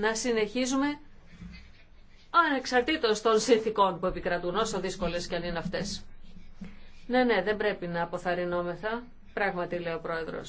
να συνεχίζουμε ανεξαρτήτως των συνθήκων που επικρατούν, όσο δύσκολες και αν είναι αυτές. Ναι, ναι, δεν πρέπει να αποθαρρυνόμεθα, πράγματι λέει ο Πρόεδρος.